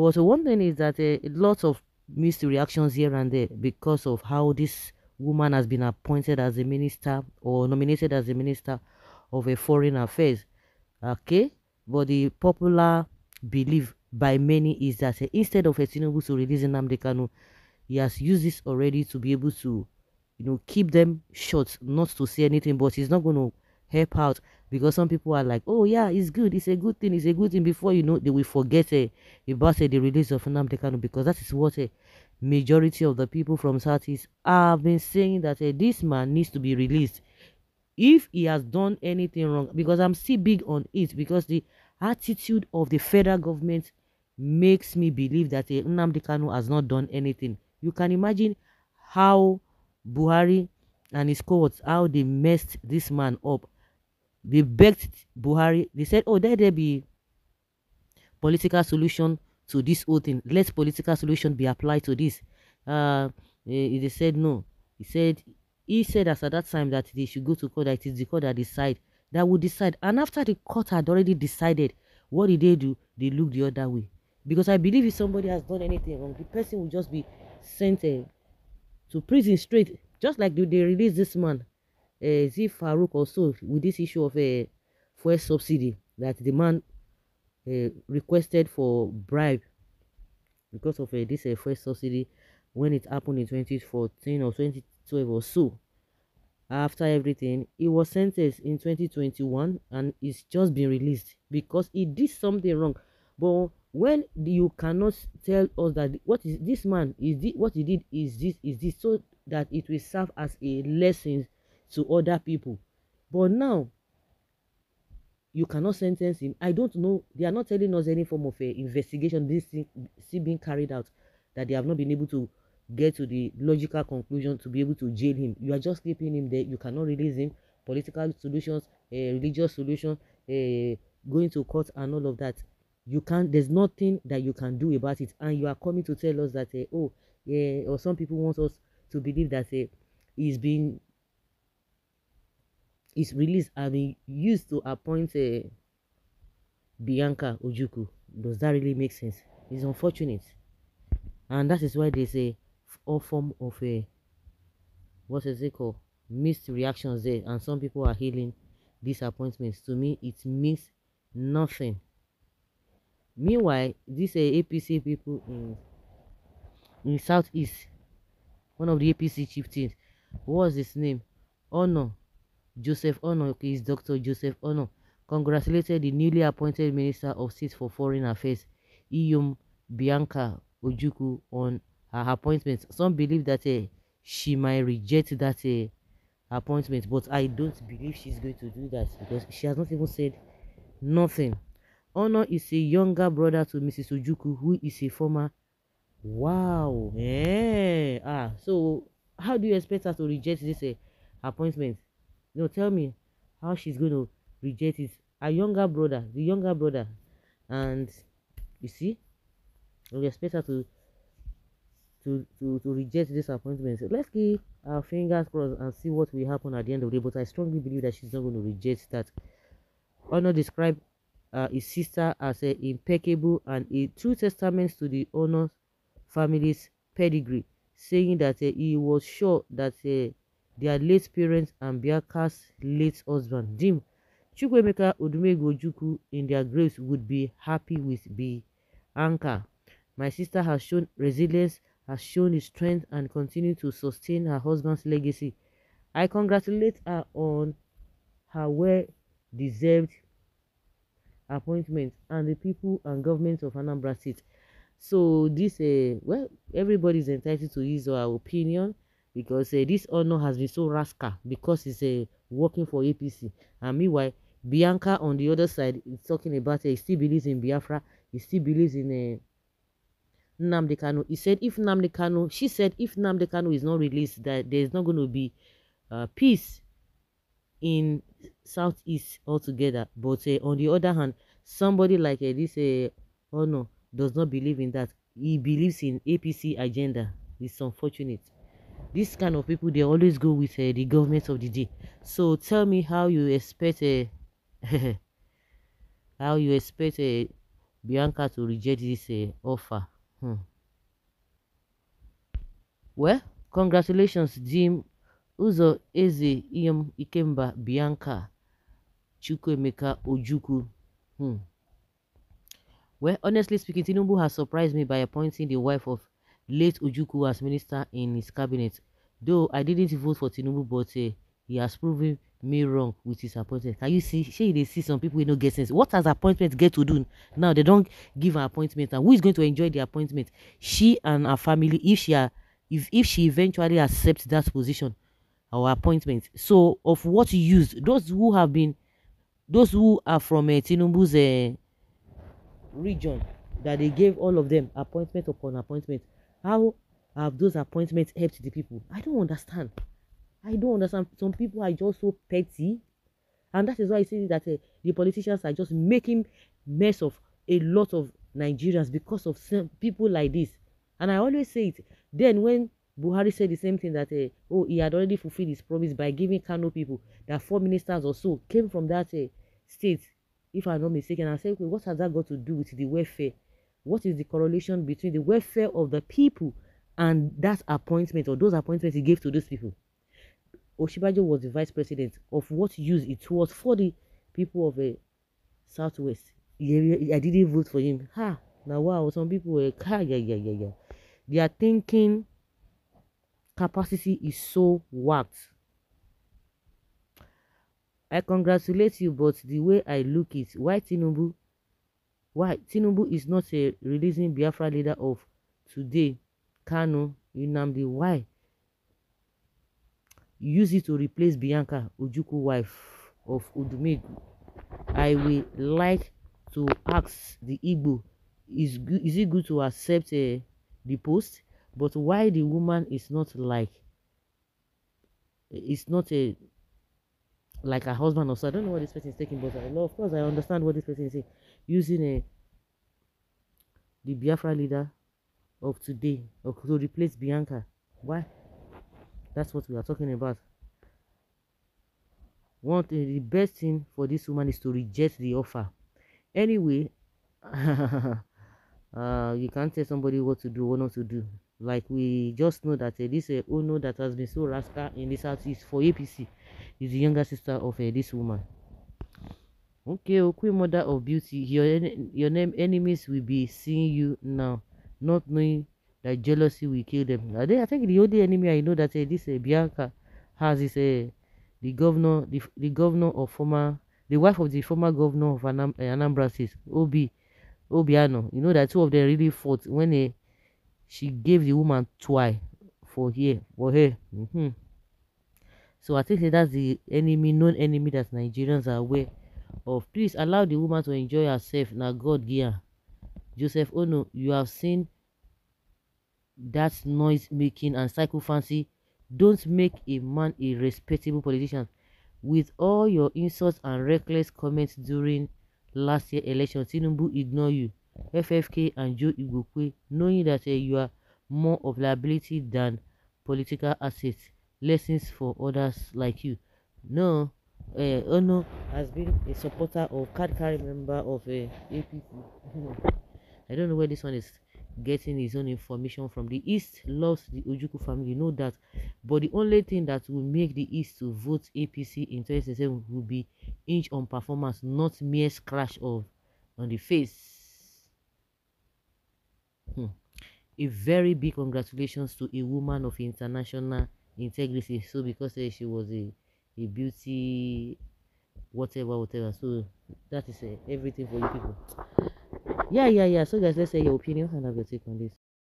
But one thing is that uh, lots of mixed reactions here and there because of how this woman has been appointed as a minister or nominated as a minister of a foreign affairs. Okay, but the popular belief by many is that uh, instead of Tinubu to release Namdekanu, he has used this already to be able to, you know, keep them short, not to say anything. But he's not going to help out because some people are like, oh yeah, it's good, it's a good thing, it's a good thing. Before you know, they will forget uh, about uh, the release of Nnamdi Kanu because that is what a uh, eh, majority of the people from Southeast have been saying that uh, this man needs to be released if he has done anything wrong. Because I'm still big on it because the attitude of the federal government makes me believe that uh, Nnamdi Kanu has not done anything. You can imagine how Buhari and his cohorts how they messed this man up They begged Buhari. They said, oh, there there be political solution to this whole thing. Let political solution be applied to this. Uh, they, said no. He said he said as at that time that they should go to court. That it is the court that decide that will decide. And after the court had already decided, what did they do? They looked the other way because I believe if somebody has done anything wrong, the person will just be sent uh, to prison straight. Just like they, they released this man Zif eh, Farouk also with this issue of a eh, fuel subsidy that the man eh, requested for bribe because of this fuel subsidy when it happened in 2014 or 2012 or so. After everything, he was sentenced in 2021 and he's just been released because he did something wrong. But when you cannot tell us that what is this man is this, what he did is this is this so that it will serve as a lesson to other people but now you cannot sentence him i don't know they are not telling us any form of a eh, investigation this thing still being carried out that they have not been able to get to the logical conclusion to be able to jail him you are just keeping him there you cannot release him political solutions uh, religious solution uh, going to court and all of that you can't there's nothing that you can do about it and you are coming to tell us that uh, oh yeah or some people want us to believe that uh, he's being. Is released and he used to appoint uh, Bianca Ojuku. Does that really make sense? It's unfortunate. And that is why there's a all form of a eh, what is it called? missed reactions there. And some people are healing disappointments. To me, it means nothing. Meanwhile, this uh, eh, APC people in in Southeast, one of the APC chieftains, what was his name? Honor Joseph Ono, is Dr. Joseph Ono, congratulated the newly appointed Minister of State for Foreign Affairs, Iyom Bianca Ojuku, on her appointment. Some believe that uh, she might reject that uh, appointment, but I don't believe she's going to do that because she has not even said nothing. Ono is a younger brother to Mrs. Ojuku, who is a former. Wow. Yeah. Ah, so how do you expect her to reject this uh, appointment? know, tell me how she's going to reject it. Her younger brother, the younger brother, and you see, we expect her to to to, to reject this appointment. So let's keep our fingers crossed and see what will happen at the end of the day. But I strongly believe that she's not going to reject that. Honor described uh, his sister as a impeccable and a true testament to the honor family's pedigree, saying that uh, he was sure that uh, their late parents and Biaka's late husband, Jim Chukwemeka Odumegojukwu, in their graves would be happy with Bianca. My sister has shown resilience, has shown strength, and continued to sustain her husband's legacy. I congratulate her on her well-deserved appointment and the people and government of Anambra State. So this, uh, well, everybody is entitled to use our opinion. because uh, this honor has been so rascal because he's uh, working for APC. And meanwhile, Bianca on the other side is talking about uh, he still believes in Biafra, he still believes in uh, Namde He said if Namde she said if Namde is not released, that there is not going to be uh, peace in Southeast altogether. But uh, on the other hand, somebody like uh, this uh, Ono does not believe in that. He believes in APC agenda. It's unfortunate this kind of people they always go with uh, the government of the day so tell me how you expect uh, how you expect uh, bianca to reject this uh, offer hmm. well congratulations Jim uzo eze iyom ikemba bianca chukwemeka ojuku hmm. well honestly speaking tinubu has surprised me by appointing the wife of late Ojukwu as minister in his cabinet. Though I didn't vote for Tinubu, but uh, he has proven me wrong with his appointment. Can you see? Shey they see some people wey no get sense. What has appointment get to do now? They don't give her appointment, and who is going to enjoy the appointment? She and her family, if she are, if if she eventually accepts that position or appointment. So, of what use? Those who have been, those who are from uh, Tinubu's uh, region, that they gave all of them appointment upon appointment. How have those appointments helped the people? I don't understand. I don't understand. Some people are just so petty. And that is why I say that uh, the politicians are just making mess of a lot of Nigerians because of some people like this. And I always say it. Then when Buhari said the same thing that uh, oh he had already fulfilled his promise by giving Kano people that four ministers or so came from that uh, state, if I'm not mistaken. I said, well, what has that got to do with the welfare What is the correlation between the welfare of the people and that appointment or those appointments he gave to those people? Oshibajo was the vice president. Of what use it was for the people of the uh, Southwest? I didn't vote for him. Ha! Now, wow, some people were, ha, yeah, yeah, yeah, yeah. Their thinking capacity is so warped. I congratulate you, but the way I look it, why Tinubu Why? Tinubu is not a releasing Biafra leader of today, Kanu, Unamdi. Why? Use it to replace Bianca, Ojuku wife of Udumegu. I will like to ask the Igbo, is, is it good to accept uh, the post? But why the woman is not like, it's not a, like a husband or so. I don't know what this person is taking, but I know, of course, I understand what this person is saying using a eh, the Biafra leader of today or to replace Bianca. Why? That's what we are talking about. One thing, the best thing for this woman is to reject the offer. Anyway, uh, you can't tell somebody what to do, what not to do. Like we just know that uh, this uh, eh, Ono that has been so rascal in this house is for APC is the younger sister of uh, this woman. Okay, O oh, Queen Mother of Beauty, your, your name enemies will be seeing you now, not knowing that jealousy will kill them. I, think, I think the only enemy I know that uh, this uh, Bianca has is uh, the governor, the, the governor of former, the wife of the former governor of Anam- uh, Anambra State, Obi Obiano. You know that two of them really fought when uh, she gave the woman twice for here for her. Mm-hmm. So I think uh, that's the enemy, known enemy that Nigerians are aware of oh, please allow the woman to enjoy herself na god give her. joseph ono oh you have seen that noise making and cycle fancy. don't make a man a respectable politician with all your insults and reckless comments during last year election tinubu ignore you ffk and joe igbokwe knowing that uh, you are more of liability than political assets lessons for others like you no uh, Ono has been a supporter or card carrying member of uh, APC. I don't know where this one is getting his own information from. The East loves the Ojuku family, you know that. But the only thing that will make the East to vote APC in 2027 will be inch on performance, not mere scratch of on the face. Hmm. A very big congratulations to a woman of international integrity. So because uh, she was a the beauty, whatever, whatever. So that is uh, everything for you people. Yeah, yeah, yeah. So guys, let's say your opinion and have your take on this.